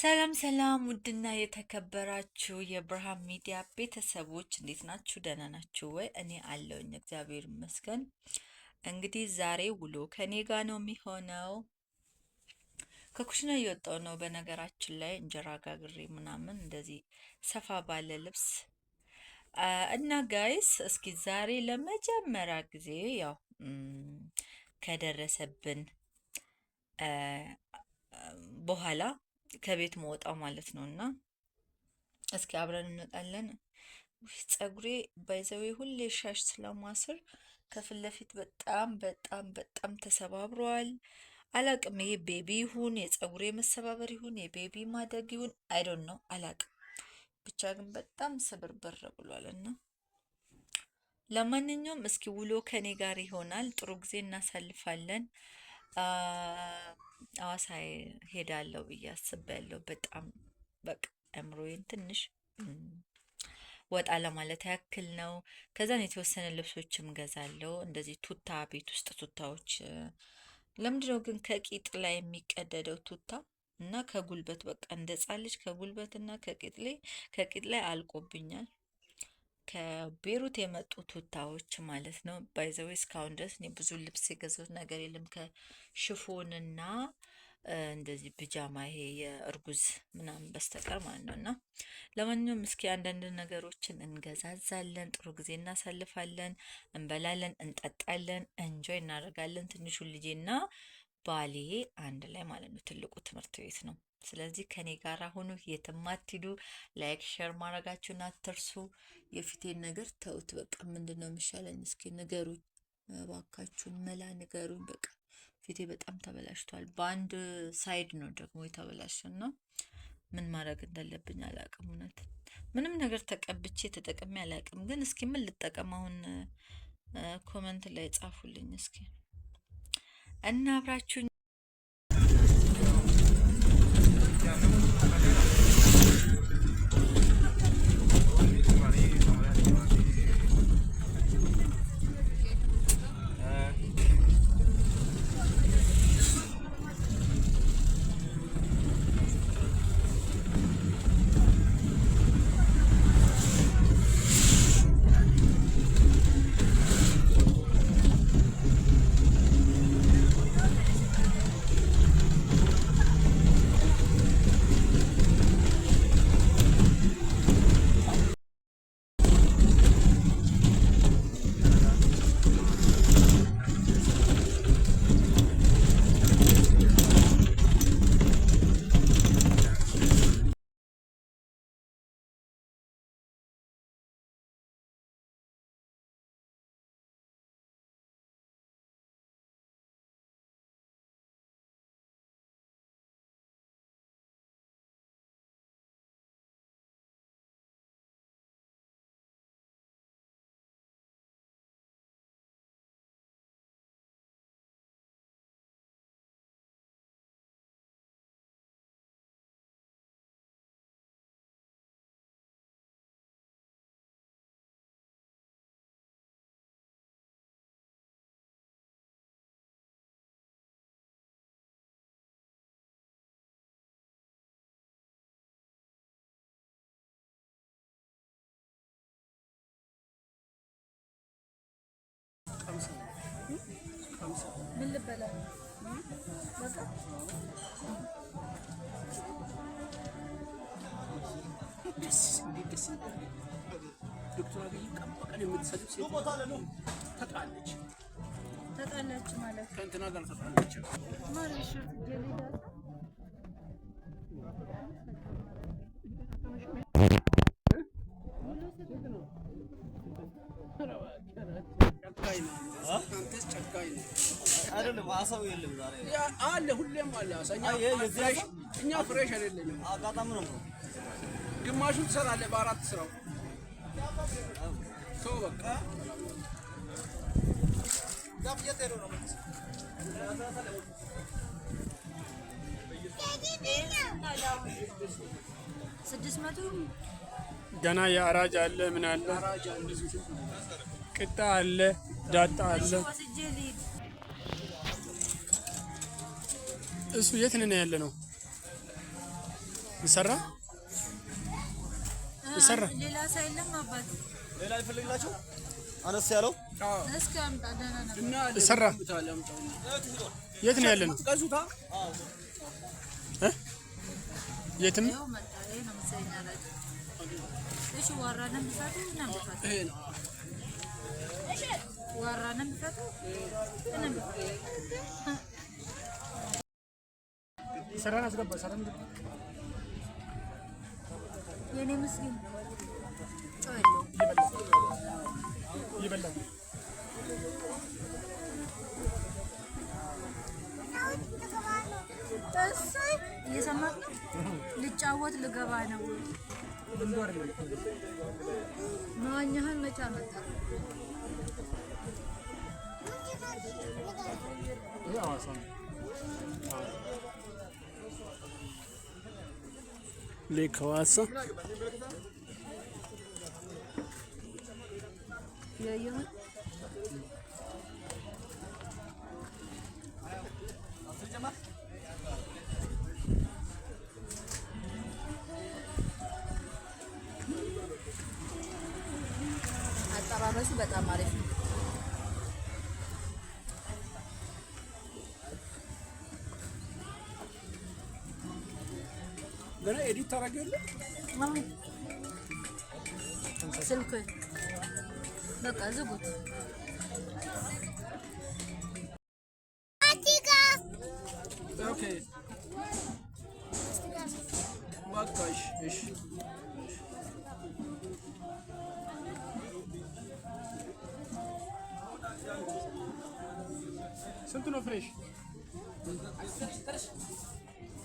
ሰላም ሰላም፣ ውድና የተከበራችሁ የብርሃን ሚዲያ ቤተሰቦች እንዴት ናችሁ? ደህና ናችሁ ወይ? እኔ አለውኝ እግዚአብሔር ይመስገን። እንግዲህ ዛሬ ውሎ ከኔ ጋ ነው የሚሆነው። ከኩሽና እየወጣው ነው። በነገራችን ላይ እንጀራ ጋግሬ ምናምን እንደዚህ ሰፋ ባለ ልብስ እና ጋይስ፣ እስኪ ዛሬ ለመጀመሪያ ጊዜ ያው ከደረሰብን በኋላ ከቤት መወጣው ማለት ነው። እና እስኪ አብረን እንወጣለን። ፀጉሬ ባይዘዌ ሁሌ ሻሽ ስለማስር ከፊት ለፊት በጣም በጣም በጣም ተሰባብሯል። አላቅም ይሄ ቤቢ ይሁን የፀጉሬ መሰባበር ይሁን የቤቢ ማደግ ይሁን አይዶን ነው አላቅም። ብቻ ግን በጣም ስብርብር ብሏል እና ለማንኛውም እስኪ ውሎ ከኔ ጋር ይሆናል። ጥሩ ጊዜ እናሳልፋለን። አዋሳ ሄዳለው ብዬ ያለው በጣም በቃ አእምሮዬን ትንሽ ወጣ ለማለት ያክል ነው። ከዛን የተወሰነ ልብሶችም ገዛለው እንደዚህ ቱታ ቤት ውስጥ ቱታዎች ለምንድነው ግን ከቂጥ ላይ የሚቀደደው ቱታ እና ከጉልበት በቃ እንደ ጻልጅ ከጉልበት እና ከቂጥ ላይ ከቂጥ ላይ አልቆብኛል። ከቤሩት የመጡ ቱታዎች ማለት ነው። ባይዘዌ እስካሁን ድረስ እኔ ብዙ ልብስ የገዛሁት ነገር የለም ከሽፎንና እንደዚህ ብጃማ ይሄ የእርጉዝ ምናምን በስተቀር ማለት ነው። እና ለማንኛውም እስኪ አንዳንድ ነገሮችን እንገዛዛለን፣ ጥሩ ጊዜ እናሳልፋለን፣ እንበላለን፣ እንጠጣለን፣ እንጆይ እናደርጋለን። ትንሹ ልጄና ባሌ አንድ ላይ ማለት ነው። ትልቁ ትምህርት ቤት ነው። ስለዚህ ከኔ ጋር ሁኑ፣ የትም አትሂዱ። ላይክ ሸር ማድረጋችሁን አትርሱ። የፊቴን ነገር ተውት። በቃ ምንድን ነው የሚሻለኝ? እስኪ ንገሩኝ እባካችሁን፣ መላ ንገሩኝ። በቃ ፊቴ በጣም ተበላሽቷል። በአንድ ሳይድ ነው ደግሞ የተበላሸና ምን ማድረግ እንዳለብኝ አላቅም። እውነት ምንም ነገር ተቀብቼ ተጠቅሜ አላቅም። ግን እስኪ ምን ልጠቀም አሁን? ኮመንት ላይ ጻፉልኝ እስኪ እና አብራችሁኝ ዶክተር አብይ ቀን በቀን የምትሰድብ ሴት ተጣለች ተጣላች ማለት ከእንትና ጋር ተጣለች። ጨካኝ ነው። አንተስ ጨካኝ ነው። አይደለም አሳው የለም ዛሬ አለ፣ ሁሌም አለ እኛ ፍሬሽ አይደለም። አጋጣሚ ነው። ግማሹን ትሰራለህ በአራት ስራው በቃ ገና የአራጅ አለ ምን አለ ቅጣ አለ ዳጣ አለ እሱ የት ነን ያለ ነው ይሰራ ይሰራ ሌላ ሳይለም አባት ሌላ ይፈልግላችሁ አነስ ያለው ይሰራ የት ነው ያለ ነው የትም ወራንም ሰራን አስገባ። ሰራን የኔ ምስኪን እየሰማህ ነው። ልጫወት ልገባ ነው። መዋኛህን መቼ አመጣ? লেখা আছে Yeah, you Böyle eri tara gördün mü? Silko. Bak azı bu. Okay. Bak kaç iş. Sento no freixo.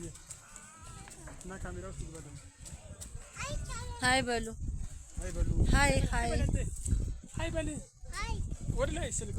ታየ እና ካሜራ ውስጥ ግባ። ሀይ በሉ ሀይ በሉ ሀይ ሀይ ሀይ በሉ ወደ ላይ ስልክ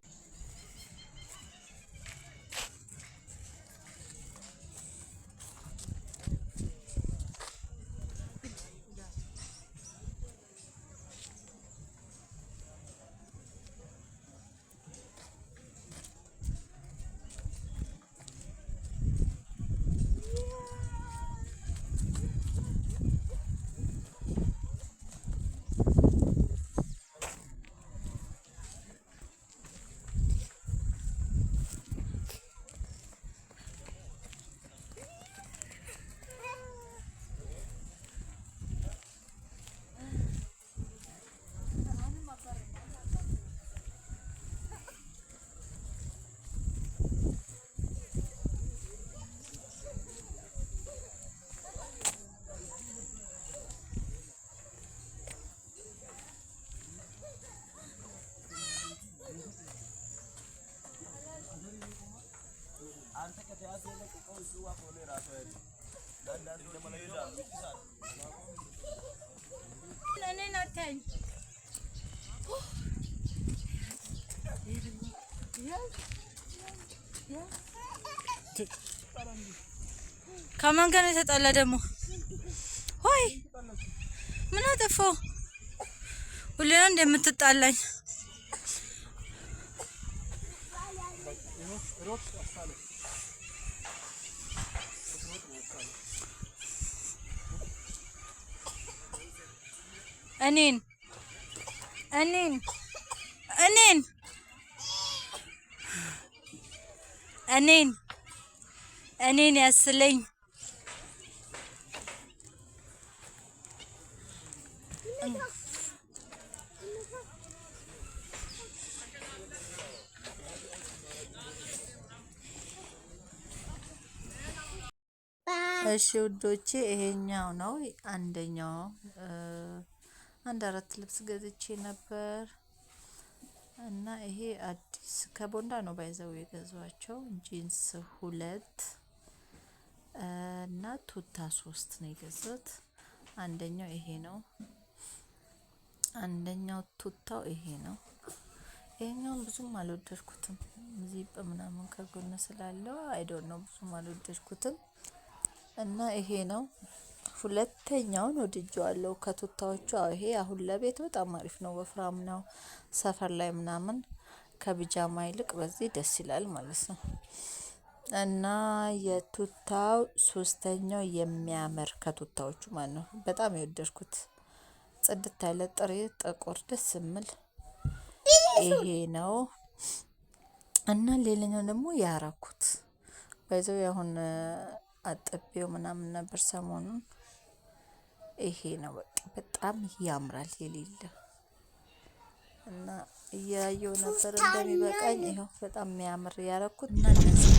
ከማን ጋር ነው የተጣላ ደግሞ? ሆይ ምን አጠፋው? ሁሌ ነው እንደምትጣላኝ። Anin? Anin? Anin? Anin? Anin يا سليم እሺ ውዶቼ ይሄኛው ነው አንደኛው አንድ አራት ልብስ ገዝቼ ነበር እና ይሄ አዲስ ከቦንዳ ነው ባይዘው የገዟቸው ጂንስ ሁለት እና ቱታ ሶስት ነው የገዙት። አንደኛው ይሄ ነው። አንደኛው ቱታው ይሄ ነው። ይሄኛውን ብዙም አልወደድኩትም። ዚፕ ምናምን ከጎን ስላለው አይዶን ነው ብዙም አልወደድኩትም እና ይሄ ነው። ሁለተኛውን ወድጀዋለሁ ከቱታዎቹ። አዎ ይሄ አሁን ለቤት በጣም አሪፍ ነው፣ ወፍራም ነው። ሰፈር ላይ ምናምን ከቢጃማ ይልቅ በዚህ ደስ ይላል ማለት ነው። እና የቱታው ሶስተኛው የሚያምር ከቱታዎቹ ማለት ነው። በጣም የወደድኩት ጽድት ያለ ጥሬ ጥቁር ደስ የሚል ይሄ ነው። እና ሌላኛው ደግሞ ያረኩት በዚው የአሁን አጥቤው ምናምን ነበር ሰሞኑን ይሄ ነው በቃ በጣም ያምራል የሌለ እና እያየው ነበር እንደሚበቃኝ። ይኸው በጣም የሚያምር ያረኩት እና